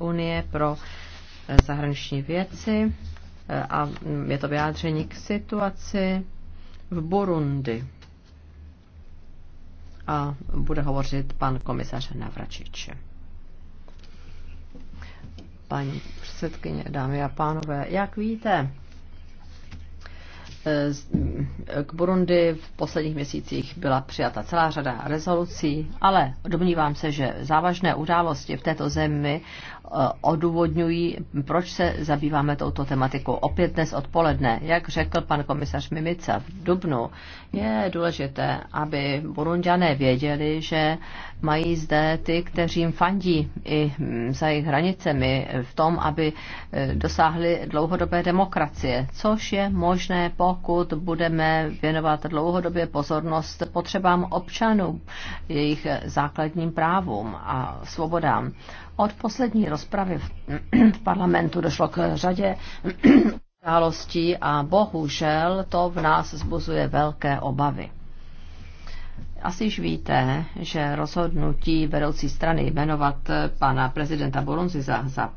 Unie pro eh, zahraniční věci eh, a je to vyjádření k situaci v Burundi. A bude hovořit pan komisař Navračič. Paní předsedkyně, dámy a pánové, jak víte, Eh, k Burundi v posledních měsících byla přijata celá řada rezolucí, ale domnívám se, že závažné události v této zemi Eh, odůvodňují, proč se zabýváme touto tematikou. Opět dnes odpoledne, jak řekl pan komisař Mimica v Dubnu, je důležité, aby Burundiané věděli, že mají zde ty, kteří jim fandí i hm, za jejich hranicemi v tom, aby eh, dosáhli dlouhodobé demokracie, což je možné, pokud budeme věnovat dlouhodobě pozornost potřebám občanů, jejich základním právům a svobodám. Od poslední rozpravy v parlamentu došlo k řadě událostí a bohužel to v nás zbuzuje velké obavy. Asi již víte, že rozhodnutí vedoucí strany jmenovat pana prezidenta Burunzi za, za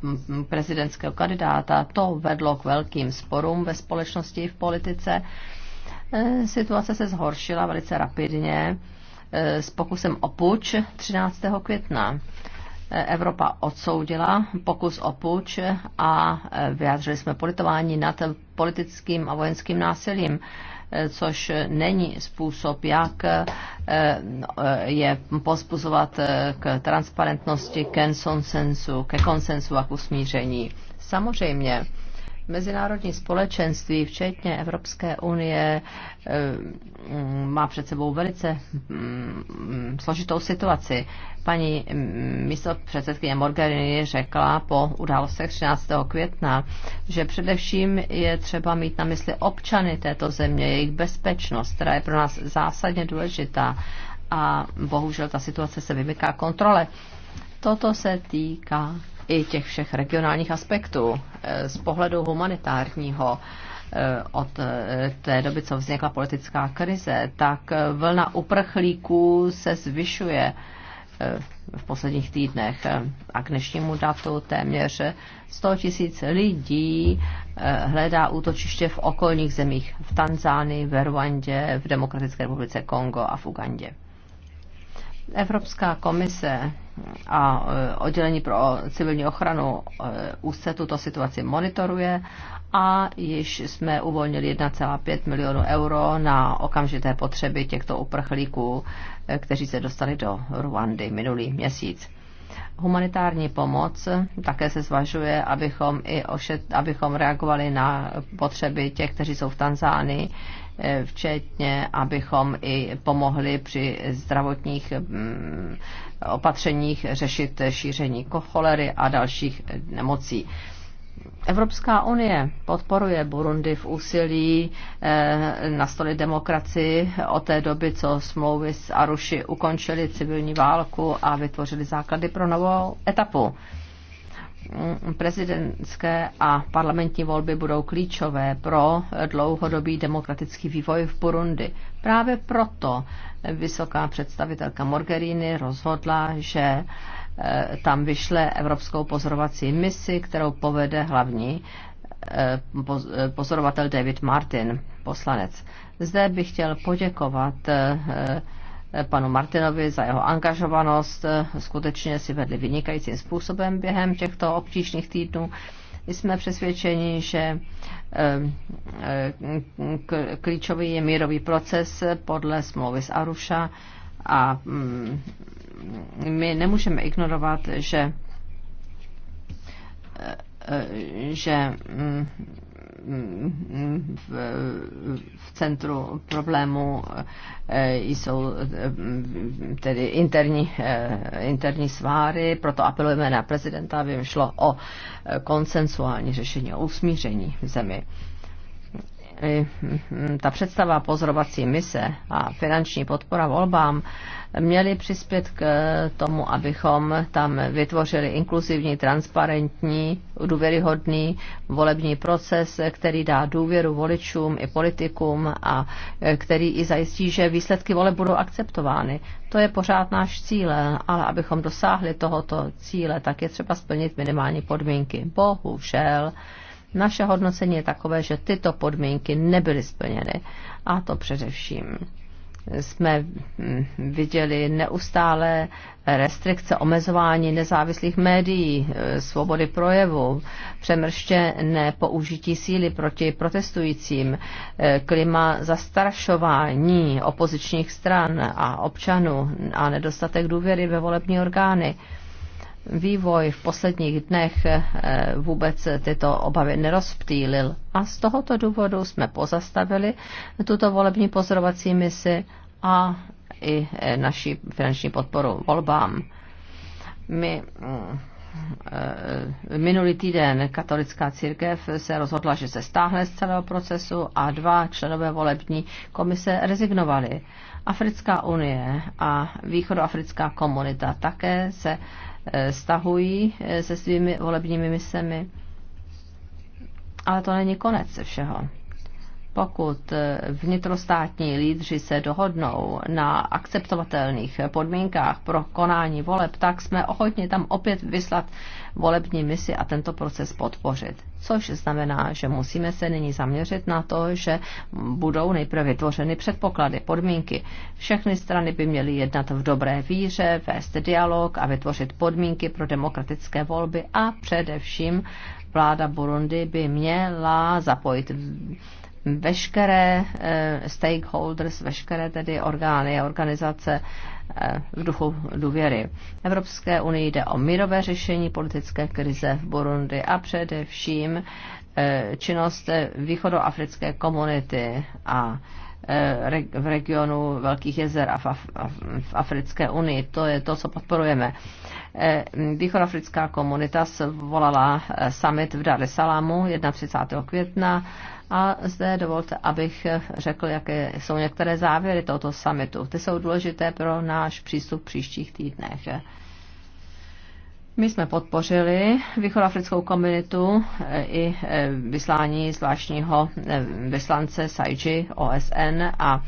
prezidentského kandidáta, to vedlo k velkým sporům ve společnosti i v politice. Eh, situace se zhoršila velice rapidně eh, s pokusem o puč 13. května. Evropa odsoudila pokus o puč a e, vyjádřili jsme politování nad politickým a vojenským násilím e, což není způsob, jak e, je pospuzovat k transparentnosti, ke konsensu, ke konsensu a k usmíření. Samozřejmě Mezinárodní společenství, včetně Evropské unie, eh, má před sebou velice mm, složitou situaci. Paní mm, místo předsedkyně Morgany řekla po událostech 13. května, že především je třeba mít na mysli občany této země, jejich bezpečnost, která je pro nás zásadně důležitá. A bohužel ta situace se vymyká kontrole. Toto se týká i těch všech regionálních aspektů. Eh, z pohledu humanitárního eh, od eh, té doby, co vznikla politická krize, tak vlna uprchlíků se zvyšuje v posledních týdnech a k dnešnímu datu téměř 100 tisíc lidí hledá útočiště v okolních zemích v Tanzánii, v Rwandě, v Demokratické republice Kongo a v Ugandě. Evropská komise a e, oddělení pro civilní ochranu úzce tuto situaci monitoruje a již jsme uvolnili 1,5 milionu euro na okamžité potřeby těchto uprchlíků, e, kteří se dostali do Ruandy minulý měsíc. Humanitární pomoc také se zvažuje, abychom, i ošet, abychom reagovali na potřeby těch, kteří jsou v Tanzánii, včetně abychom i pomohli při zdravotních mm, opatřeních řešit šíření cholery a dalších eh, nemocí. Evropská unie podporuje Burundi v úsilí eh, nastolit demokracii od té doby, co smlouvy s Aruši ukončily civilní válku a vytvořily základy pro novou etapu. Mm, prezidentské a parlamentní volby budou klíčové pro dlouhodobý demokratický vývoj v Burundi. Právě proto vysoká představitelka Mogherini rozhodla, že eh, tam vyšle evropskou pozorovací misi, kterou povede hlavní eh, eh, pozorovatel David Martin, poslanec. Zde bych chtěl poděkovat panu Martinovi za jeho angažovanost. Skutečně si vedli vynikajícím způsobem během těchto obtížných týdnů. Jsme přesvědčeni, že eh, klíčový je mírový proces podle smlouvy z Aruša a mm, my nemůžeme ignorovat, že eh, eh, že mm, v centru problému eh, jsou eh, tedy interní, eh, interní sváry, proto apelujeme na prezidenta, aby šlo o konsensuální řešení, o usmíření v zemi. Mm, ta představa pozorovací mise a finanční podpora volbám měly přispět k tomu, abychom tam vytvořili inkluzivní, transparentní, důvěryhodný volební proces, který dá důvěru voličům i politikům a který i zajistí, že výsledky voleb budou akceptovány. To je pořád náš cíl, ale abychom dosáhli tohoto cíle, tak je třeba splnit minimální podmínky. Bohužel, naše hodnocení je takové, že tyto podmínky nebyly splněny. A to především jsme hm, viděli neustále restrikce, omezování nezávislých médií, eh, svobody projevu, přemrštěné použití síly proti protestujícím, eh, klima zastrašování opozičních stran a občanů a nedostatek důvěry ve volební orgány vývoj v posledních dnech eh, vůbec tyto obavy nerozptýlil. A z tohoto důvodu jsme pozastavili tuto volební pozorovací misi a i eh, naši finanční podporu volbám. My eh, Minulý týden katolická církev se rozhodla, že se stáhne z celého procesu a dva členové volební komise rezignovali. Africká unie a východoafrická komunita také se Eh, stahují eh, se svými volebními misemi. Ale to není konec všeho. Pokud eh, vnitrostátní lídři se dohodnou na akceptovatelných podmínkách pro konání voleb, tak jsme ochotni tam opět vyslat volební misi a tento proces podpořit. Což znamená, že musíme se nyní zaměřit na to, že budou nejprve vytvořeny předpoklady, podmínky. Všechny strany by měly jednat v dobré víře, vést dialog a vytvořit podmínky pro demokratické volby a především vláda Burundi by měla zapojit veškeré eh, stakeholders, veškeré tedy orgány a organizace eh, v duchu důvěry. Evropské unii jde o mírové řešení politické krize v Burundi a především eh, činnost východoafrické komunity a v regionu Velkých jezer a v Africké unii. To je to, co podporujeme. Eh, východoafrická komunita svolala eh, summit v Dar es Salamu 31. května a zde dovolte, abych eh, řekl, jaké jsou některé závěry tohoto summitu. Ty jsou důležité pro náš přístup v příštích týdnech. My jsme podpořili východoafrickou komunitu i vyslání zvláštního vyslance Sajji OSN a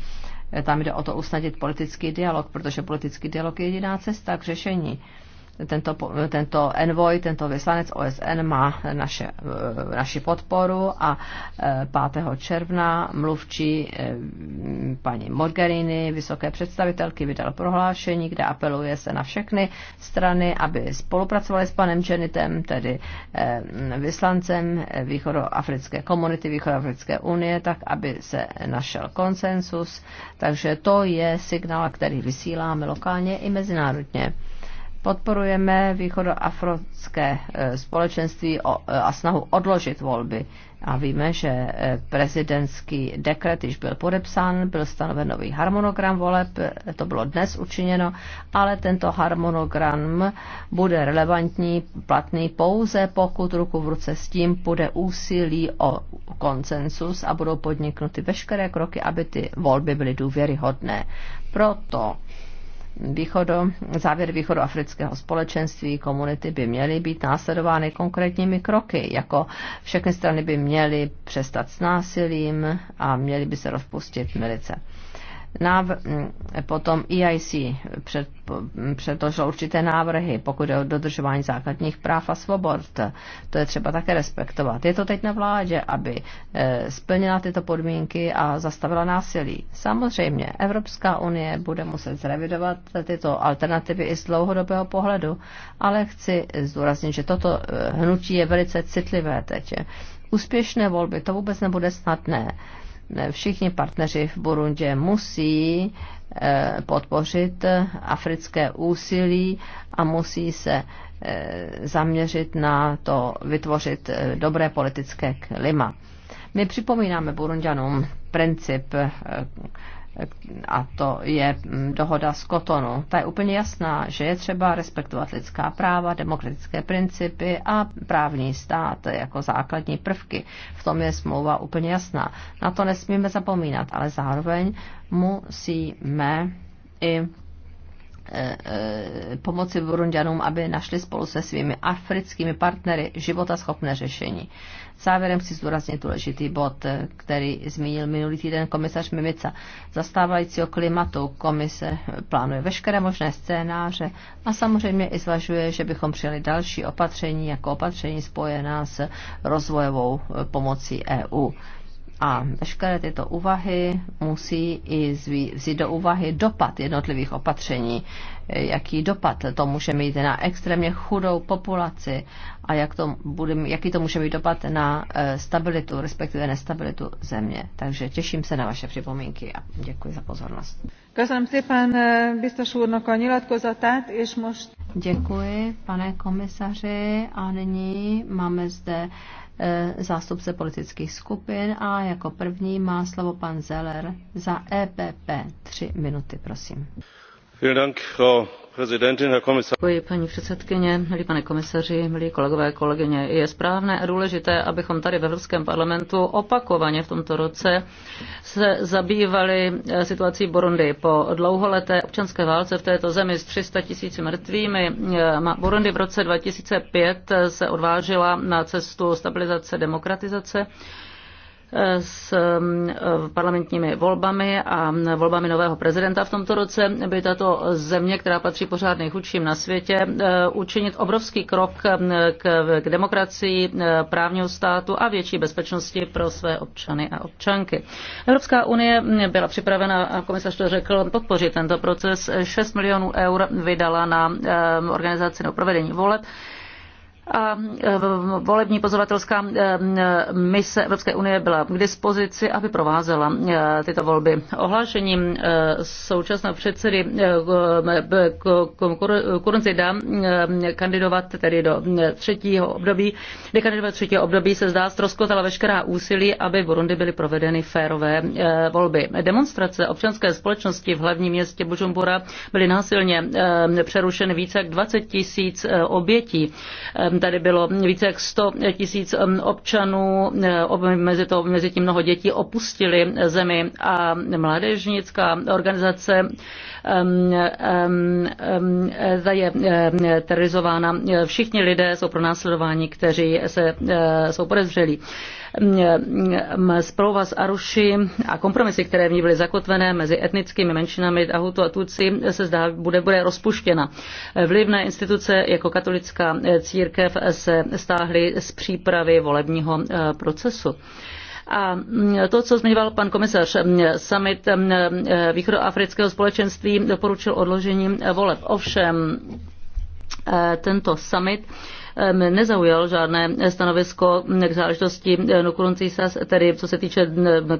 tam jde o to usnadit politický dialog, protože politický dialog je jediná cesta k řešení tento, tento envoj, tento vyslanec OSN má naše, eh, naši podporu a 5. Eh, června mluvčí eh, paní Morgerini, vysoké představitelky, vydal prohlášení, kde apeluje se na všechny strany, aby spolupracovali s panem Jenitem, tedy vyslancem východoafrické komunity, východoafrické unie, tak aby se našel konsensus. Takže to je signál, který vysíláme lokálně i mezinárodně. Podporujeme východoafrické e, společenství e, a snahu odložit volby. A víme, že e, prezidentský dekret již byl podepsán, byl stanoven nový harmonogram voleb, to bylo dnes učiněno, ale tento harmonogram bude relevantní, platný pouze pokud ruku v ruce s tím bude úsilí o konsensus a budou podniknuty veškeré kroky, aby ty volby byly důvěryhodné. Proto východu, závěr východoafrického společenství, komunity by měly být následovány konkrétními kroky, jako všechny strany by měly přestat s násilím a měly by se rozpustit milice. Nav, hm, potom EIC před, předložil určité návrhy, pokud je o dodržování základních práv a svobod. To je třeba také respektovat. Je to teď na vládě, aby eh, splnila tyto podmínky a zastavila násilí. Samozřejmě, Evropská unie bude muset zrevidovat tyto alternativy i z dlouhodobého pohledu, ale chci zdůraznit, že toto eh, hnutí je velice citlivé teď. Úspěšné volby, to vůbec nebude snadné. Ne všichni partneři v Burundě musí eh, podpořit africké úsilí a musí se eh, zaměřit na to vytvořit eh, dobré politické klima. My připomínáme Burundianům princip a to je mm, dohoda z Kotonu. Ta je úplně jasná, že je třeba respektovat lidská práva, demokratické principy a právní stát jako základní prvky. V tom je smlouva úplně jasná. Na to nesmíme zapomínat, ale zároveň musíme i e, e, pomoci Burundianům, aby našli spolu se svými africkými partnery životaschopné řešení. Závěrem chci zdůraznit důležitý bod, eh, který zmínil minulý týden komisař Mimica. Zastávajícího klimatu komise plánuje veškeré možné scénáře a samozřejmě i zvažuje, že bychom přijali další opatření jako opatření spojená s rozvojovou eh, pomocí EU. A veškeré tyto úvahy musí i vzít do úvahy dopad jednotlivých opatření. Jaký dopad to může mít na extrémně chudou populaci a jak to bude, jaký to může mít dopad na eh, stabilitu, respektive nestabilitu země. Takže těším se na vaše připomínky a děkuji za pozornost. Eh, děkuji, pane komisaři. A nyní máme zde Eh, zástupce politických skupin a jako první má slovo pan Zeller za EPP. Tři minuty, prosím. Děkuji, paní předsedkyně, milí pane komisaři, milí kolegové, a kolegyně. Je správné a důležité, abychom tady v Evropském parlamentu opakovaně v tomto roce se zabývali eh, situací v Burundi. Po dlouholeté občanské válce v této zemi s 300 tisíci mrtvými eh, Burundi v roce 2005 eh, se odvážila na cestu stabilizace demokratizace s mm, parlamentními volbami a volbami nového prezidenta v tomto roce by tato země, která patří pořád nejchudším na světě, eh, učinit obrovský krok mm, k, k demokracii, eh, právního státu a větší bezpečnosti pro své občany a občanky. Evropská unie mm, byla připravena, a komisař to řekl, podpořit tento proces. 6 milionů eur vydala na eh, organizaci nebo provedení voleb a e, volební pozorovatelská e, e, mise Evropské unie byla k dispozici, aby provázela tyto volby. Ohlášením současného předsedy dá kandidovat tedy do třetího období, kandidovat třetího období se zdá ztroskotala veškerá úsilí, aby v Burundi byly provedeny férové volby. Demonstrace občanské společnosti v hlavním městě Bujumbura byly násilně přerušeny více jak 20 tisíc obětí tady bylo více jak 100 tisíc um, občanů, eh, mezi, to, mezi tím mnoho dětí opustili zemi a mládežnická organizace um, um, um, je eh, terorizována. Všichni lidé jsou pronásledováni, kteří se, eh, jsou podezřelí. Zprava mm, mm, s Aruši a kompromisy, které v ní byly zakotvené mezi etnickými menšinami Hutu a Tutsi, se zdá, bude, bude rozpuštěna. Vlivné instituce jako katolická eh, církev se stáhly z přípravy volebního eh, procesu. A mm, to, co zmiňoval pan komisař, summit eh, východoafrického společenství doporučil odložení voleb. Ovšem, tento summit nezaujal žádné stanovisko k záležitosti sas tedy co se týče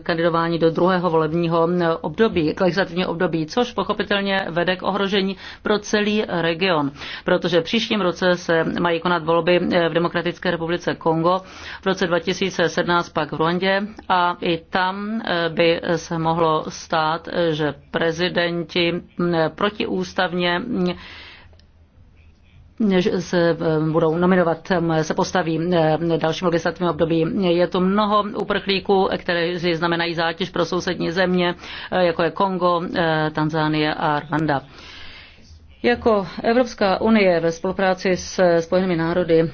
kandidování do druhého volebního období, k legislativního období, což pochopitelně vede k ohrožení pro celý region, protože v příštím roce se mají konat volby v Demokratické republice Kongo, v roce 2017 pak v Ruandě a i tam by se mohlo stát, že prezidenti protiústavně se eh, budou nominovat, eh, se postaví eh, dalším legislativním období. Je tu mnoho uprchlíků, které znamenají zátěž pro sousední země, jako je Kongo, Tanzánie a Rwanda. Jako Evropská unie ve spolupráci s Spojenými národy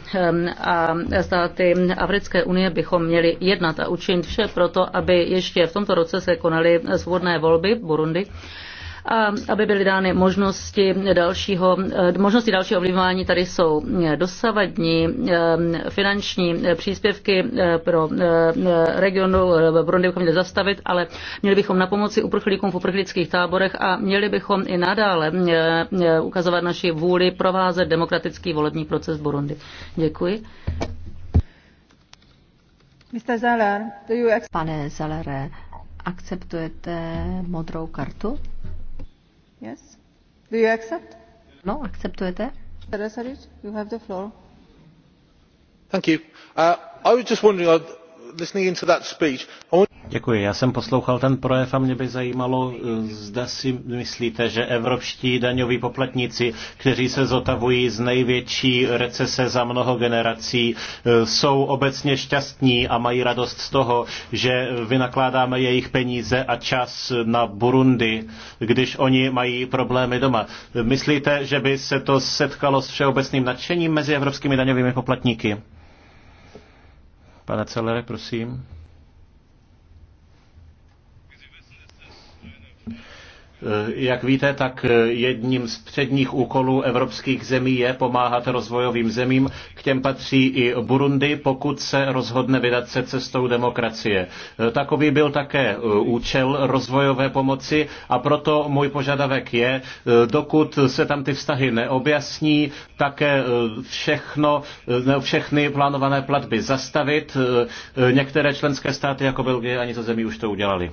a státy Africké unie bychom měli jednat a učinit vše proto, aby ještě v tomto roce se konaly svobodné volby Burundi a aby byly dány možnosti dalšího, eh, možnosti dalšího ovlivňování. Tady jsou eh, dosavadní eh, finanční příspěvky pro regionu Burundi bychom měli zastavit, ale měli bychom na pomoci uprchlíkům v uprchlických táborech a měli bychom i nadále ukazovat naši vůli provázet demokratický volební proces v Burundi. Děkuji. Pane Zalere, akceptujete modrou kartu? Yes? Do you accept? No, akceptujete? Teresa, you have the floor. Thank you. Uh, I was just wondering, uh, Děkuji. Já jsem poslouchal ten projev a mě by zajímalo, eh, zda si myslíte, že evropští daňoví poplatníci, kteří se zotavují z největší recese za mnoho generací, eh, jsou obecně šťastní a mají radost z toho, že vynakládáme jejich peníze a čas na Burundi, když oni mají problémy doma. Myslíte, že by se to setkalo s všeobecným nadšením mezi evropskými daňovými poplatníky? Pane Celere, prosím. Eh, jak víte, tak eh, jedním z předních úkolů evropských zemí je pomáhat rozvojovým zemím. K těm patří i Burundi, pokud se rozhodne vydat se cestou demokracie. Eh, takový byl také účel rozvojové pomoci a proto můj požadavek je, dokud se tam ty vztahy neobjasní, také všechno, všechny plánované platby zastavit. Některé členské státy jako Belgie a Nizozemí už to udělali.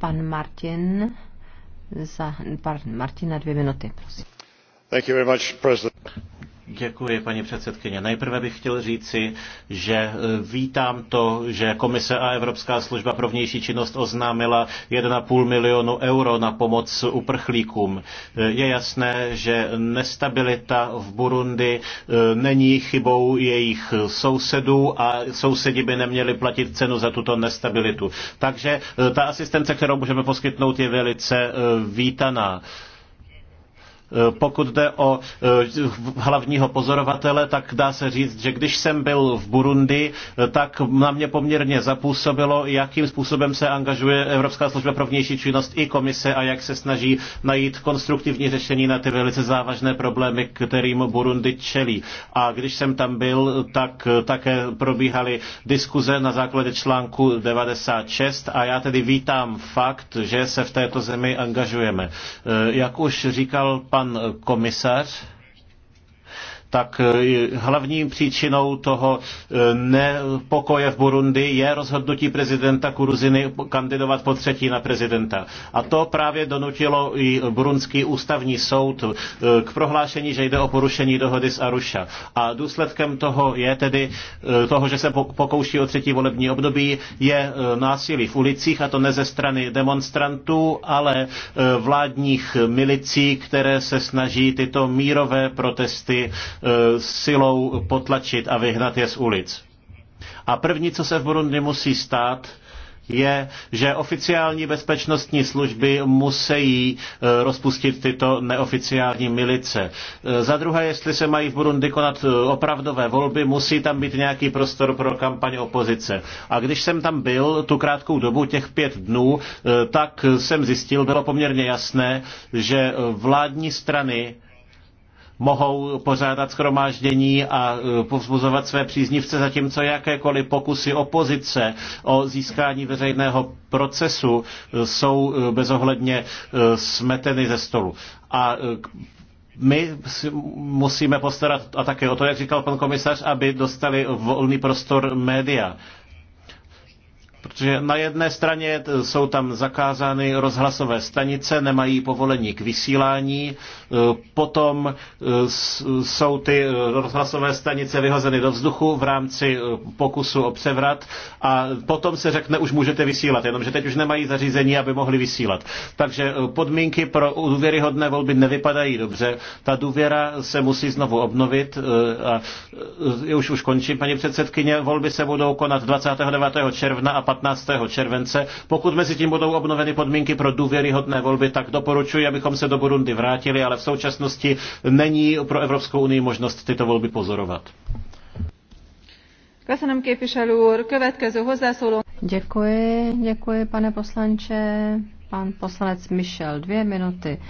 Pan Martin za, pan Martin na dvě minuty, prosím. Thank you very much, President. Děkuji, paní předsedkyně. Nejprve bych chtěl říci, že e, vítám to, že Komise a Evropská služba pro vnější činnost oznámila 1,5 milionu euro na pomoc uprchlíkům. E, je jasné, že nestabilita v Burundi e, není chybou jejich sousedů a sousedi by neměli platit cenu za tuto nestabilitu. Takže ta asistence, kterou můžeme poskytnout, je velice vítaná. Eh, pokud jde o eh, hlavního pozorovatele, tak dá se říct, že když jsem byl v Burundi, eh, tak na mě poměrně zapůsobilo, jakým způsobem se angažuje Evropská služba pro vnější činnost i komise a jak se snaží najít konstruktivní řešení na ty velice závažné problémy, kterým Burundi čelí. A když jsem tam byl, tak také probíhaly diskuze na základě článku 96 a já tedy vítám fakt, že se v této zemi angažujeme. Jak už říkal pan pan komisař tak eh, hlavní příčinou toho eh, nepokoje v Burundi je rozhodnutí prezidenta Kuruziny kandidovat po třetí na prezidenta. A to právě donutilo i burundský ústavní soud eh, k prohlášení, že jde o porušení dohody s Aruša. A důsledkem toho je tedy toho, že se pokouší o třetí volební období, je násilí v ulicích, a to ne ze strany demonstrantů, ale vládních milicí, které se snaží tyto mírové protesty Eh, silou potlačit a vyhnat je z ulic. A první, co se v Burundi musí stát, je, že oficiální bezpečnostní služby musí eh, rozpustit tyto neoficiální milice. Eh, za druhé, jestli se mají v Burundi konat opravdové volby, musí tam být nějaký prostor pro kampaň opozice. A když jsem tam byl tu krátkou dobu, těch pět dnů, tak jsem zjistil, bylo poměrně jasné, že vládní strany mohou pořádat schromáždění a e, povzbuzovat své příznivce, zatímco jakékoliv pokusy opozice o získání veřejného procesu e, jsou e, bezohledně smeteny ze stolu. A my si musíme postarat a také o to, jak říkal pan komisař, aby dostali volný prostor média. Protože na jedné straně jsou tam zakázány rozhlasové stanice, nemají povolení k vysílání Eh, potom eh, jsou ty eh, rozhlasové stanice vyhozeny do vzduchu v rámci pokusu o převrat a potom se řekne, už můžete vysílat, jenomže teď už nemají zařízení, aby mohli vysílat. Takže podmínky pro důvěryhodné volby nevypadají dobře. Ta důvěra se musí znovu obnovit a už, už končím, paní předsedkyně, volby se budou konat 29. června a 15. července. Pokud mezi tím budou obnoveny podmínky pro důvěryhodné volby, tak doporučuji, abychom se do Burundi vrátili, ale v současnosti není pro Evropskou unii možnost tyto volby pozorovat. Děkuji, děkuji, pane poslanče. Pan poslanec Michel, dvě minuty.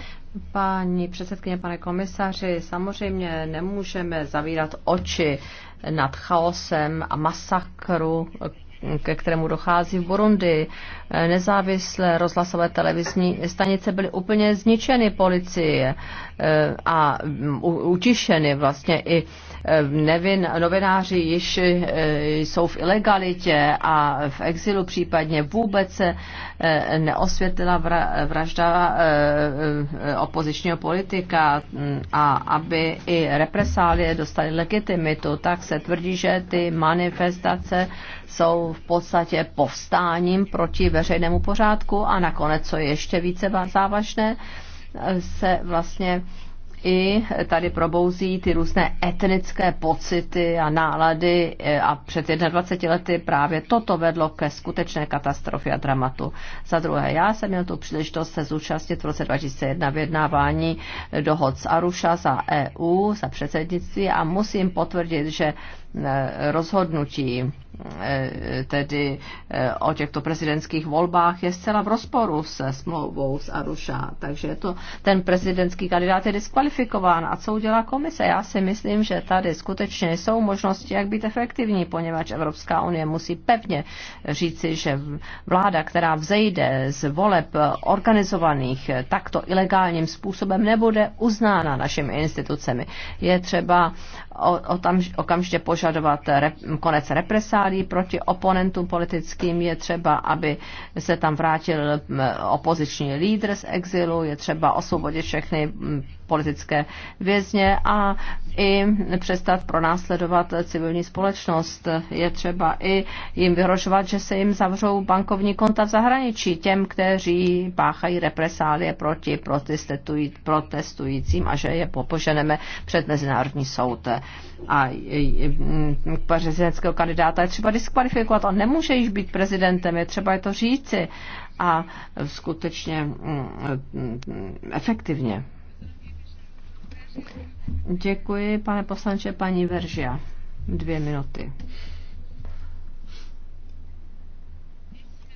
Paní předsedkyně, pane komisaři, samozřejmě nemůžeme zavírat oči nad chaosem a masakru, ke kterému dochází v Burundi. Nezávislé rozhlasové televizní stanice byly úplně zničeny policie eh, a mm, utišeny vlastně i eh, nevin, novináři již eh, jsou v ilegalitě a v exilu případně vůbec se neosvětlila vražda opozičního politika mm, a aby i represálie dostaly legitimitu, tak se tvrdí, že ty manifestace jsou v podstatě povstáním proti veřejnému pořádku a nakonec, co je ještě více závažné, se vlastně i tady probouzí ty různé etnické pocity a nálady e, a před 21 lety právě toto vedlo ke skutečné katastrofě a dramatu. Za druhé, já jsem měl tu příležitost se zúčastnit v roce 2001 vyjednávání dohod z Aruša za EU, za předsednictví a musím potvrdit, že e, rozhodnutí Eh, tedy eh, o těchto prezidentských volbách je zcela v rozporu se smlouvou s Aruša. Takže to, ten prezidentský kandidát je diskvalifikován. A co udělá komise? Já si myslím, že tady skutečně jsou možnosti, jak být efektivní, poněvadž Evropská unie musí pevně říci, že vláda, která vzejde z voleb organizovaných takto ilegálním způsobem, nebude uznána našimi institucemi. Je třeba o okamžitě požadovat rep, konec represálí, násilí proti oponentům politickým, je třeba, aby se tam vrátil opoziční lídr z exilu, je třeba osvobodit všechny politické vězně a i přestat pronásledovat civilní společnost. Je třeba i jim vyhrožovat, že se jim zavřou bankovní konta v zahraničí těm, kteří páchají represálie proti protestujícím a že je popoženeme před Mezinárodní soud. A prezidentského kandidáta je třeba diskvalifikovat. On nemůže již být prezidentem, je třeba je to říci a skutečně efektivně. Děkuji, pane poslanče, paní Veržia. Dvě minuty.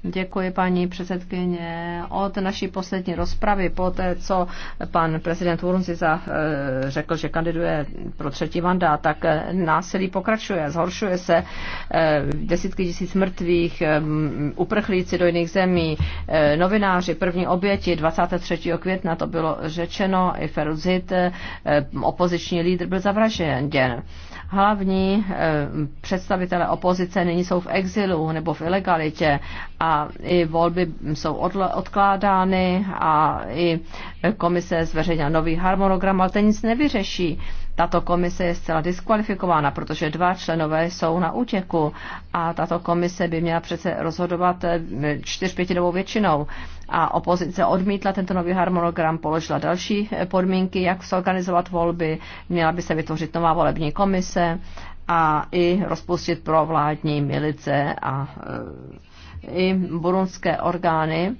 Děkuji, paní předsedkyně. Od naší poslední rozpravy, po té, co pan prezident Urunziza e, řekl, že kandiduje pro třetí mandát, tak e, násilí pokračuje, zhoršuje se e, desítky tisíc mrtvých, uprchlíci do jiných zemí, novináři, první oběti 23. května, to bylo řečeno, i Feruzit, opoziční lídr, byl zavražděn. Hlavní eh, představitelé opozice nyní jsou v exilu nebo v ilegalitě a i volby jsou odkládány a i komise zveřejňuje nový harmonogram, ale to nic nevyřeší tato komise je zcela diskvalifikována, protože dva členové jsou na útěku a tato komise by měla přece rozhodovat eh, čtyřpětinovou většinou. A opozice odmítla tento nový harmonogram, položila další eh, podmínky, jak zorganizovat volby, měla by se vytvořit nová volební komise a i rozpustit provládní milice a eh, i burunské orgány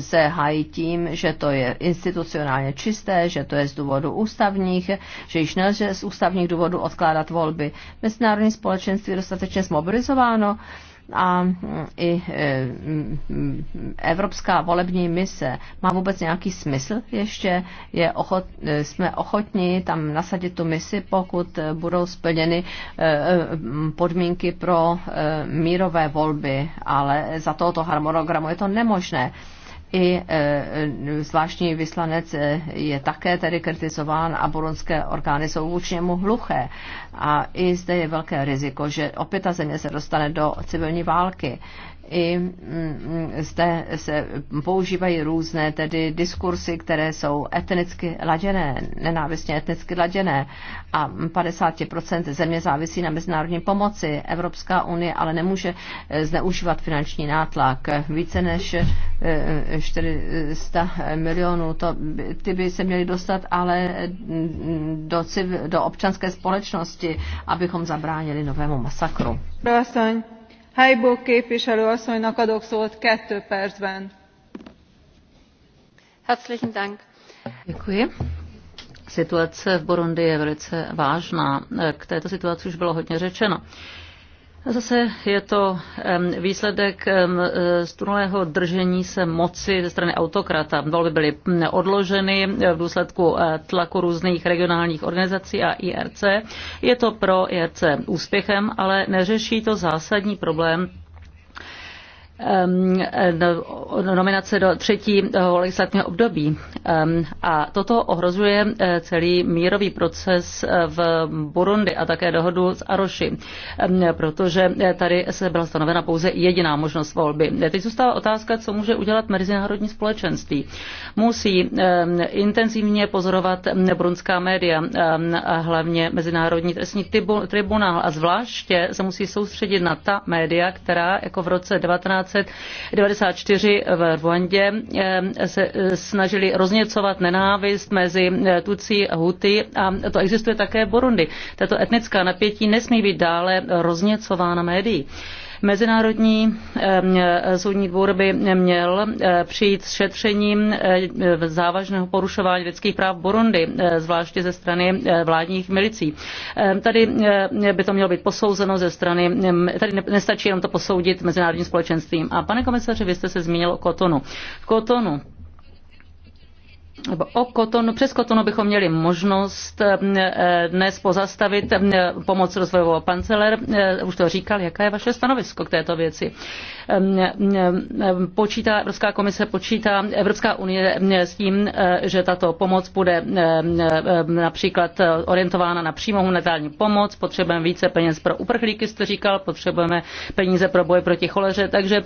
se hájí tím, že to je institucionálně čisté, že to je z důvodu ústavních, že již nelze z ústavních důvodů odkládat volby. Mezinárodní společenství je dostatečně zmobilizováno a mm, i e, mm, Evropská volební mise má vůbec nějaký smysl ještě? Je ochot, e, jsme ochotní tam nasadit tu misi, pokud e, budou splněny mm, podmínky pro mírové volby, ale za tohoto harmonogramu je to nemožné i e, zvláštní vyslanec e, je také tedy kritizován a burundské orgány jsou vůči němu hluché. A i zde je velké riziko, že opět ta země se dostane do civilní války i mm, mm, zde se používají různé tedy diskursy, které jsou etnicky laděné, nenávistně etnicky laděné a 50% země závisí na mezinárodní pomoci. Evropská unie ale nemůže eh, zneužívat finanční nátlak. Více než 400 eh, milionů, to, ty by se měly dostat ale mm, do, civ, do občanské společnosti, abychom zabránili novému masakru. Básaň. Děkuji. Situace v Burundi je velice vážná. K této situaci už bylo hodně řečeno. Zase je to výsledek e, strunulého držení se moci ze strany autokrata. Volby byly odloženy v důsledku e, tlaku různých regionálních organizací a IRC. Je to pro IRC úspěchem, ale neřeší to zásadní problém Ehm, no, no, nominace do třetího legislativního období. Ehm, a toto ohrozuje eh, celý mírový proces eh, v Burundi a také dohodu s Aroši, ehm, protože eh, tady se byla stanovena pouze jediná možnost volby. Teď zůstává otázka, co může udělat mezinárodní společenství. Musí intenzivně pozorovat brunská média, a hlavně mezinárodní trestní tribunál a zvláště se musí soustředit na ta média, která jako v roce 19 1994 v Rwandě eh, se eh, snažili rozněcovat nenávist mezi eh, Tutsi a Huty a to existuje také v Burundi. Tato etnická napětí nesmí být dále rozněcována médií. Mezinárodní ehm, soudní dvůr by měl eh, přijít s šetřením eh, závažného porušování lidských práv Burundi, eh, zvláště ze strany vládních milicí. Ehm, tady by to mělo být posouzeno ze strany, ehm, tady nestačí jenom to posoudit mezinárodním společenstvím. A pane komisaři, vy jste se zmínil o Kotonu. V Kotonu o kotonu, přes kotonu bychom měli možnost eh, dnes pozastavit eh, pomoc rozvojového panceler. Eh, už to říkal, jaká je vaše stanovisko k této věci. Ehm, ehm, počítá, Evropská komise počítá, Evropská unie s tím, že tato pomoc bude ehm, například orientována na přímou humanitární pomoc, potřebujeme více peněz pro uprchlíky, jste říkal, potřebujeme peníze pro boj proti choleře, takže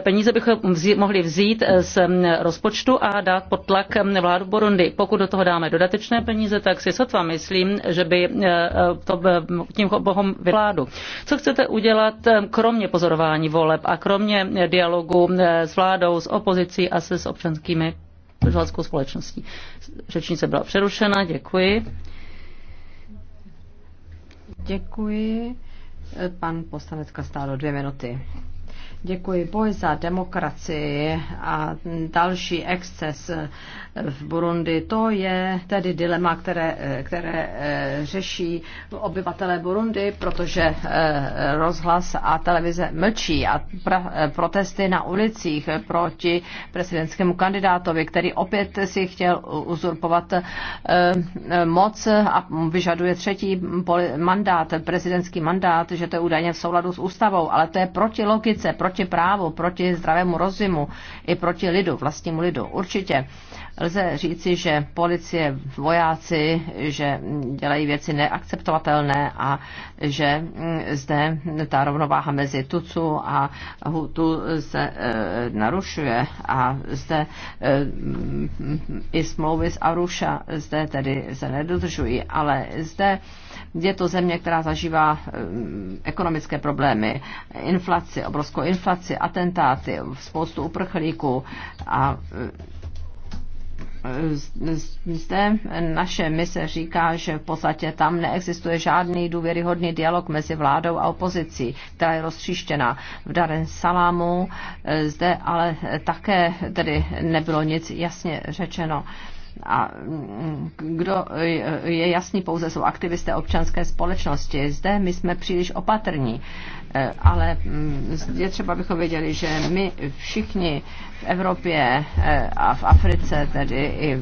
peníze bychom mohli vzít z rozpočtu a dát pod tlak vládu Burundi. Pokud do toho dáme dodatečné peníze, tak si sotva myslím, že by eh, to eh, tím bohom vládu. Co chcete udělat eh, kromě pozorování voleb a kromě dialogu s vládou, s opozicí a se s občanskými žalskou společností. Řečnice byla přerušena, děkuji. Děkuji. Pan poslanec Kastálo, dvě minuty. Děkuji. Boj za demokracii a další exces v Burundi, to je tedy dilema, které, které eh, řeší obyvatelé Burundi, protože eh, rozhlas a televize mlčí a pra, eh, protesty na ulicích proti prezidentskému kandidátovi, který opět si chtěl uzurpovat moc a vyžaduje třetí mandát, prezidentský mandát, že to je údajně v souladu s ústavou, ale to je proti logice, proti proti právu, proti zdravému rozumu i proti lidu, vlastnímu lidu. Určitě lze říci, že policie, vojáci, že dělají věci neakceptovatelné a že mm, zde ta rovnováha mezi Tucu a Hutu se e, narušuje a zde e, i smlouvy z Aruša zde tedy se nedodržují, ale zde je to země, která zažívá eh, ekonomické problémy, inflaci, obrovskou inflaci, atentáty, spoustu uprchlíků a eh, eh, zde naše mise říká, že v podstatě tam neexistuje žádný důvěryhodný dialog mezi vládou a opozicí, která je rozstříštěna V Daren Salamu. zde ale také tedy nebylo nic jasně řečeno a mm, kdo je jasný pouze jsou aktivisté občanské společnosti. Zde my jsme příliš opatrní, e, ale mm, je třeba, abychom věděli, že my všichni v Evropě e, a v Africe, tedy i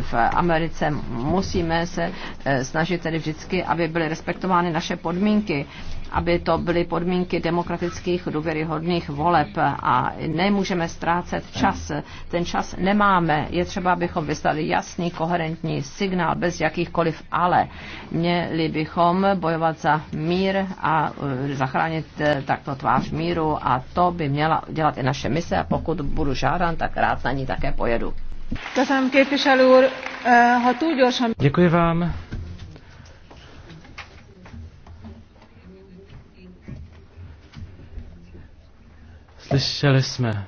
v Americe, musíme se e, snažit tedy vždycky, aby byly respektovány naše podmínky aby to byly podmínky demokratických důvěryhodných voleb a nemůžeme ztrácet čas. Ten čas nemáme. Je třeba, abychom vyslali jasný, koherentní signál bez jakýchkoliv ale. Měli bychom bojovat za mír a e, zachránit e, takto tvář míru a to by měla dělat i naše mise a pokud budu žádan, tak rád na ní také pojedu. E, Děkuji vám. Slyšeli jsme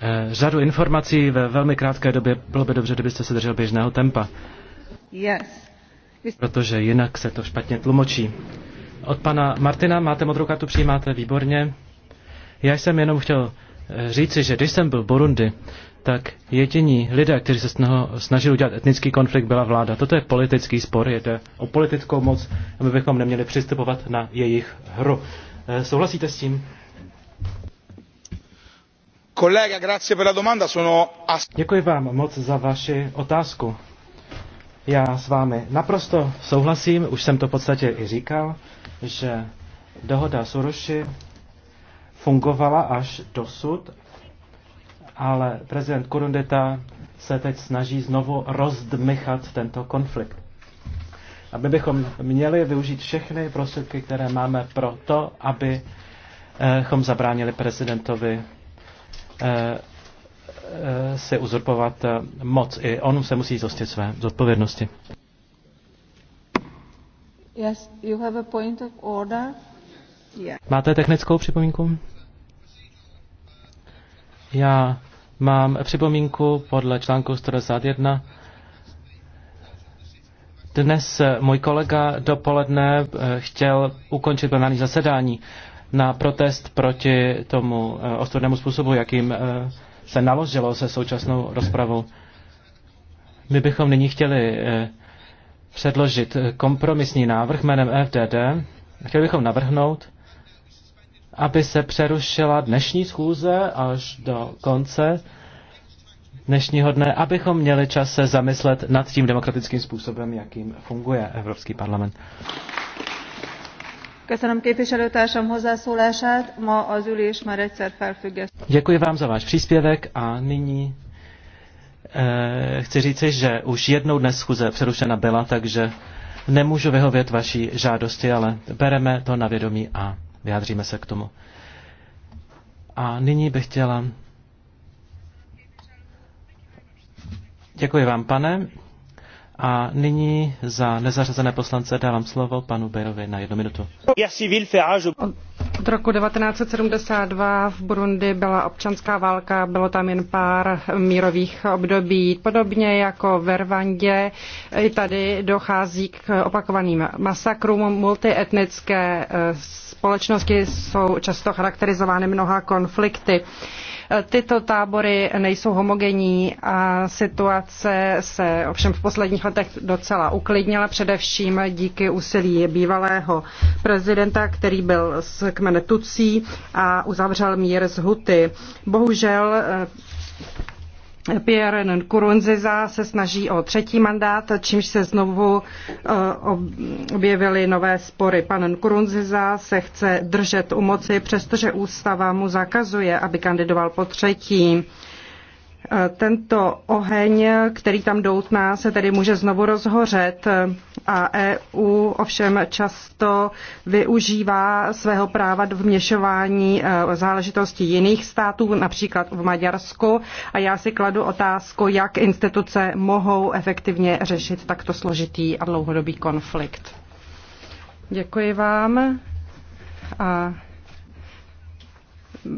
eh, řadu informací ve velmi krátké době. Bylo by dobře, kdybyste se držel běžného tempa. Yes. Protože jinak se to špatně tlumočí. Od pana Martina máte modrou kartu, přijímáte výborně. Já jsem jenom chtěl eh, říci, že když jsem byl v Burundi, tak jediní lidé, kteří se snažili udělat etnický konflikt, byla vláda. Toto je politický spor, je to o politickou moc a my bychom neměli přistupovat na jejich hru. Eh, souhlasíte s tím? Děkuji vám moc za vaši otázku. Já s vámi naprosto souhlasím, už jsem to v podstatě i říkal, že dohoda Soroši fungovala až dosud, ale prezident Kurundeta se teď snaží znovu rozdmychat tento konflikt. A my bychom měli využít všechny prostředky, které máme pro to, abychom eh, zabránili prezidentovi Eh, eh, se uzurpovat eh, moc. I on se musí zostit své zodpovědnosti. Yes, you have a point of order. Yeah. Máte technickou připomínku? Já mám připomínku podle článku 191. Dnes můj kolega dopoledne chtěl ukončit plenární zasedání na protest proti tomu eh, ostudnému způsobu, jakým eh, se naložilo se současnou rozpravou. My bychom nyní chtěli eh, předložit kompromisní návrh jménem FDD. Chtěli bychom navrhnout, aby se přerušila dnešní schůze až do konce dnešního dne, abychom měli čas se zamyslet nad tím demokratickým způsobem, jakým funguje Evropský parlament. Děkuji vám za váš příspěvek a nyní eh, chci říci, že už jednou dnes schůze přerušena byla, takže nemůžu vyhovět vaší žádosti, ale bereme to na vědomí a vyjádříme se k tomu. A nyní bych chtěla. Děkuji vám, pane. A nyní za nezařazené poslance dávám slovo panu Bejovi na jednu minutu. Od roku 1972 v Burundi byla občanská válka, bylo tam jen pár mírových období. Podobně jako ve Rwandě, i tady dochází k opakovaným masakrům. Multietnické eh, společnosti jsou často charakterizovány mnoha konflikty. Tyto tábory nejsou homogenní a situace se ovšem v posledních letech docela uklidnila, především díky úsilí bývalého prezidenta, který byl z kmene Tucí a uzavřel mír z Huty. Bohužel Pierre Nkurunziza se snaží o třetí mandát, čímž se znovu eh, objevily nové spory. Pan Nkurunziza se chce držet u moci, přestože ústava mu zakazuje, aby kandidoval po třetí. Tento oheň, který tam doutná, se tedy může znovu rozhořet a EU ovšem často využívá svého práva do vměšování eh, záležitostí jiných států, například v Maďarsku. A já si kladu otázku, jak instituce mohou efektivně řešit takto složitý a dlouhodobý konflikt. Děkuji vám. A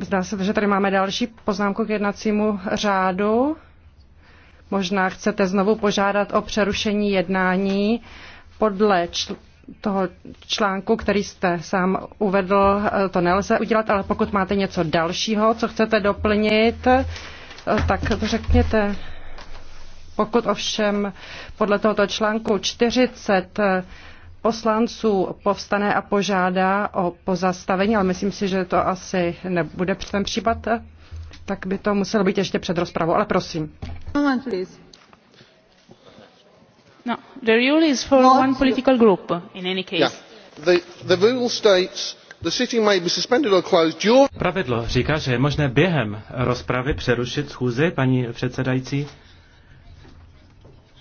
Zdá se, že tady máme další poznámku k jednacímu řádu. Možná chcete znovu požádat o přerušení jednání podle čl- toho článku, který jste sám uvedl, eh, to nelze udělat, ale pokud máte něco dalšího, co chcete doplnit, eh, tak to řekněte. Pokud ovšem podle tohoto článku 40 poslanců povstane a požádá o pozastavení, ale myslím si, že to asi nebude ten případ, tak by to muselo být ještě před rozpravou, ale prosím. Moment, No, the rule is for no, one political group in any case. Yeah. The, the rule states the sitting may be suspended or closed during... Pravidlo říká, že je možné během rozpravy přerušit schůzi, paní předsedající,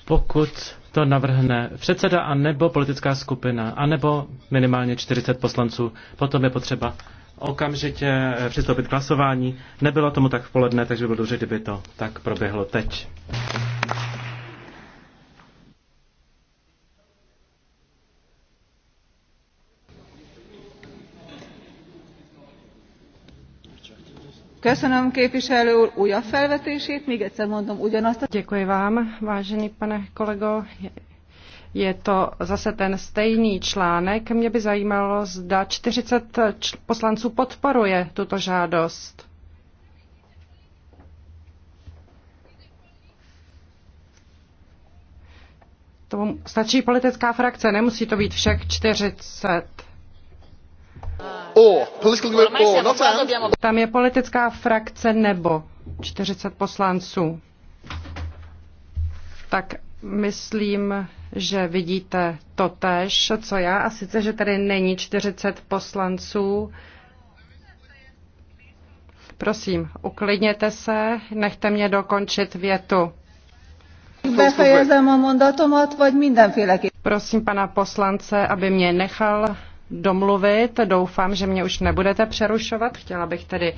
pokud to navrhne předseda a nebo politická skupina, a nebo minimálně 40 poslanců. Potom je potřeba okamžitě eh, přistoupit k hlasování. Nebylo tomu tak v poledne, takže by bylo dobře, kdyby to tak proběhlo teď. Děkuji vám, vážený pane kolego. Je to zase ten stejný článek. Mě by zajímalo, zda 40 poslanců podporuje tuto žádost. To stačí politická frakce, nemusí to být všech 40. Tam je politická frakce nebo 40 poslanců. Tak myslím, že vidíte to tež, co já, a sice, že tady není 40 poslanců. Prosím, uklidněte se, nechte mě dokončit větu. Befejezem mandatomat, vagy mindenféleképpen. Prosím pana poslance, aby mě nechal domluvit. Doufám, že mě už nebudete přerušovat. Chtěla bych tedy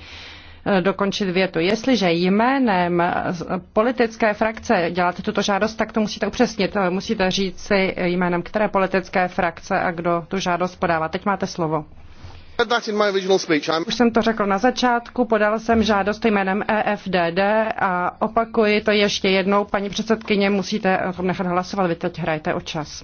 eh, dokončit větu. Jestliže jménem eh, politické frakce děláte tuto žádost, tak to musíte upřesnit. Eh, musíte říct si jménem které politické frakce a kdo tu žádost podává. Teď máte slovo. Už jsem to řekl na začátku, podal jsem žádost jménem EFDD a opakuji to ještě jednou. Paní předsedkyně, musíte o tom nechat hlasovat, vy teď hrajete o čas.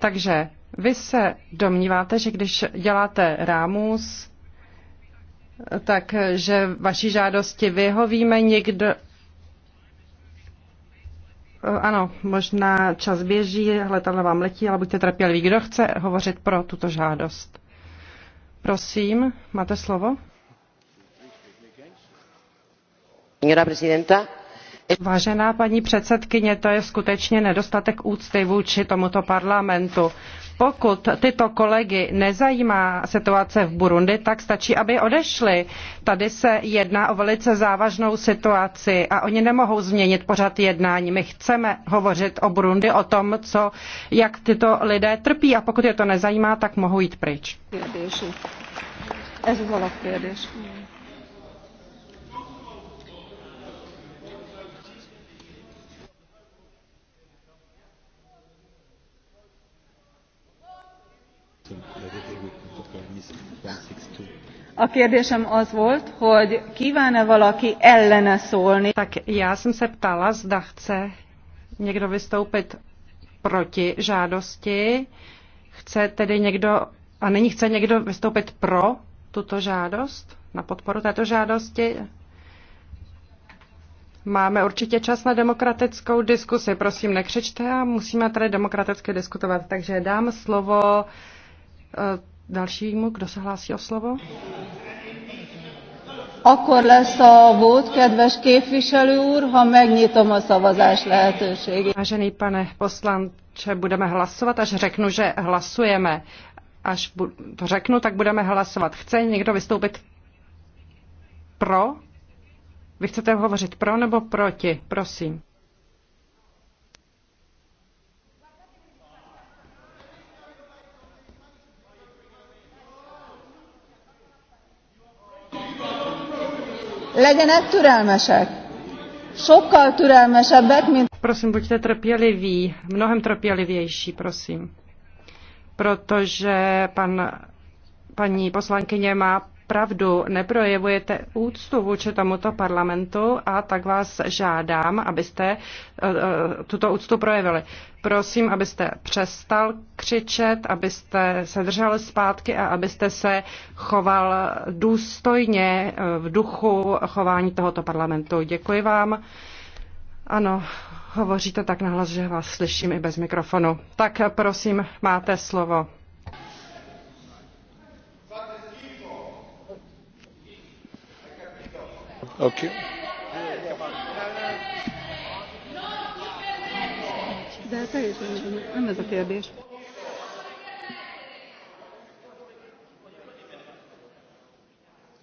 Takže vy se domníváte, že když děláte rámus, takže vaší žádosti vyhovíme někdo... Ano, možná čas běží, letadlo vám letí, ale buďte trpěliví. Kdo chce hovořit pro tuto žádost? Prosím, máte slovo. Señora prezidenta. Vážená paní předsedkyně, to je skutečně nedostatek úcty vůči tomuto parlamentu. Pokud tyto kolegy nezajímá situace v Burundi, tak stačí, aby odešli. Tady se jedná o velice závažnou situaci a oni nemohou změnit pořad jednání. My chceme hovořit o Burundi, o tom, co, jak tyto lidé trpí a pokud je to nezajímá, tak mohou jít pryč. Kérdések. A kérdésem az volt, hogy kíván-e valaki ellene szólni. Tak já jsem se ptala, zda chce někdo vystoupit proti žádosti. Chce tedy někdo, a není chce někdo vystoupit pro tuto žádost, na podporu této žádosti? Máme určitě čas na demokratickou diskusi, prosím nekřičte a musíme tady demokraticky diskutovat. Takže dám slovo eh, dalšímu, kdo se hlásí o slovo. Akkor lesz a vót, kedves képviselő úr, ha megnyitom a szavazás lehetőségét. Vážený pane poslanče, budeme hlasovat, až řeknu, že hlasujeme. Až to řeknu, tak budeme hlasovat. Chce někdo vystoupit pro? Vy chcete hovořit pro nebo proti? Prosím. legyenek türelmesek. Sokkal türelmesebbek, mint... Prosím, buďte trpěliví, mnohem trpělivější, prosím. Protože pan, paní poslankyně má pravdu neprojevujete úctu vůči tomuto parlamentu a tak vás žádám, abyste eh, eh, tuto úctu projevili. Prosím, abyste přestal křičet, abyste se držel zpátky a abyste se choval důstojně eh, v duchu chování tohoto parlamentu. Děkuji vám. Ano, hovoříte tak nahlas, že vás slyším i bez mikrofonu. Tak prosím, máte slovo. Are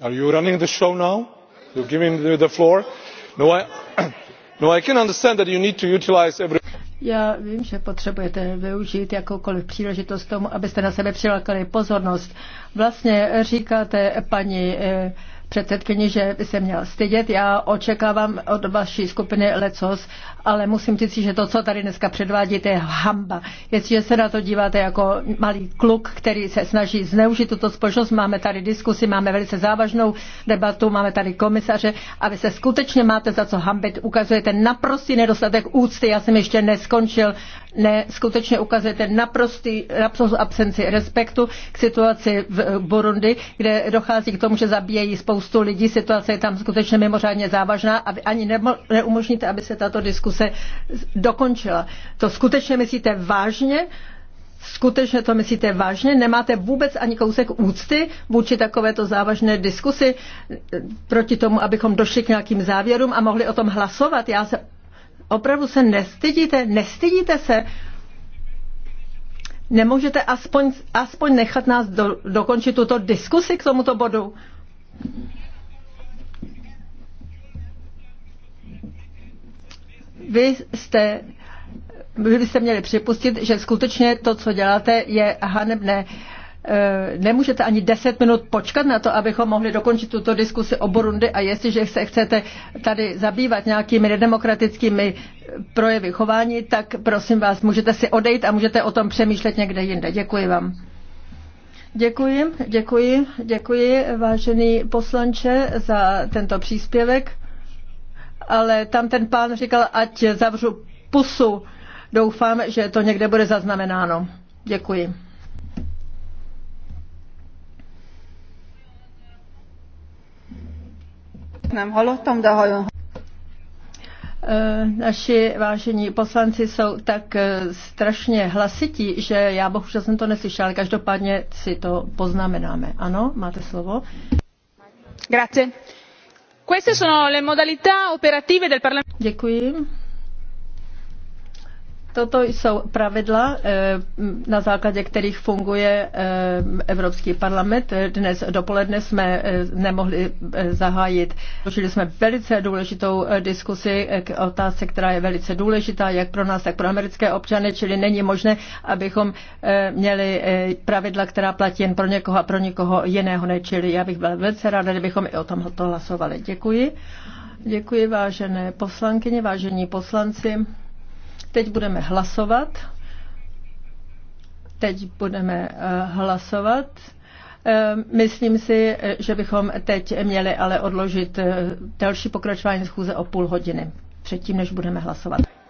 you running the show now? You're giving the floor? No, I, no, I can understand that you need to utilize every... Já vím, že potřebujete využít jakoukoliv příležitost tomu, abyste na sebe přilákali pozornost. Vlastně říkáte paní eh, předsedkyni, že by se měl stydět. Já očekávám od vaší skupiny lecos, ale musím říct, že to, co tady dneska předvádíte, je hamba. Jestliže se na to díváte jako malý kluk, který se snaží zneužít tuto společnost, máme tady diskusi, máme velice závažnou debatu, máme tady komisaře a vy se skutečně máte za co hambit. Ukazujete naprostý nedostatek úcty. Já jsem ještě neskončil ne, skutečně ukazujete naprostý, naprostou absenci respektu k situaci v Burundi, kde dochází k tomu, že zabíjejí spoustu lidí. Situace je tam skutečně mimořádně závažná a vy ani nemo, neumožníte, aby se tato diskuse dokončila. To skutečně myslíte vážně? skutečně to myslíte vážně? Nemáte vůbec ani kousek úcty vůči takovéto závažné diskusi proti tomu, abychom došli k nějakým závěrům a mohli o tom hlasovat? Já se Opravdu se nestydíte? Nestydíte se? Nemůžete aspoň, aspoň nechat nás do, dokončit tuto diskusi k tomuto bodu? Vy jste, vy jste měli připustit, že skutečně to, co děláte, je hanebné. Uh, Eh, nemůžete ani 10 minut počkat na to, abychom mohli dokončit tuto diskusi o Burundi a jestliže se chcete tady zabývat nějakými nedemokratickými projevy chování, tak prosím vás, můžete si odejít a můžete o tom přemýšlet někde jinde. Děkuji vám. Děkuji, děkuji, děkuji, vážený poslanče, za tento příspěvek. Ale tam ten pán říkal, ať zavřu pusu. Doufám, že to někde bude zaznamenáno. Děkuji. nem hallottam, de ha eh, Naši vážení poslanci jsou tak eh, strašně hlasití, že já bohužel jsem to neslyšel, každopádně si to poznamenáme. Ano, máte slovo. Grazie. Queste sono le modalità operative del Parlamento. Děkuji. Toto jsou pravidla, eh, na základě kterých funguje eh, Evropský parlament. Dnes dopoledne jsme eh, nemohli zahájit. Dožili jsme velice důležitou diskusi k otázce, která je velice důležitá, jak pro nás, tak pro americké občany, čili není možné, abychom měli pravidla, která platí jen pro někoho a pro někoho jiného ne. Čili já bych byla velice ráda, kdybychom i o tom hlasovali. Děkuji. Děkuji vážené poslankyně, vážení poslanci. Teď budeme hlasovat. Teď budeme eh, hlasovat. Eh, myslím si, eh, že bychom teď měli ale odložit další pokračování schůze o půl hodiny, předtím, než budeme hlasovat.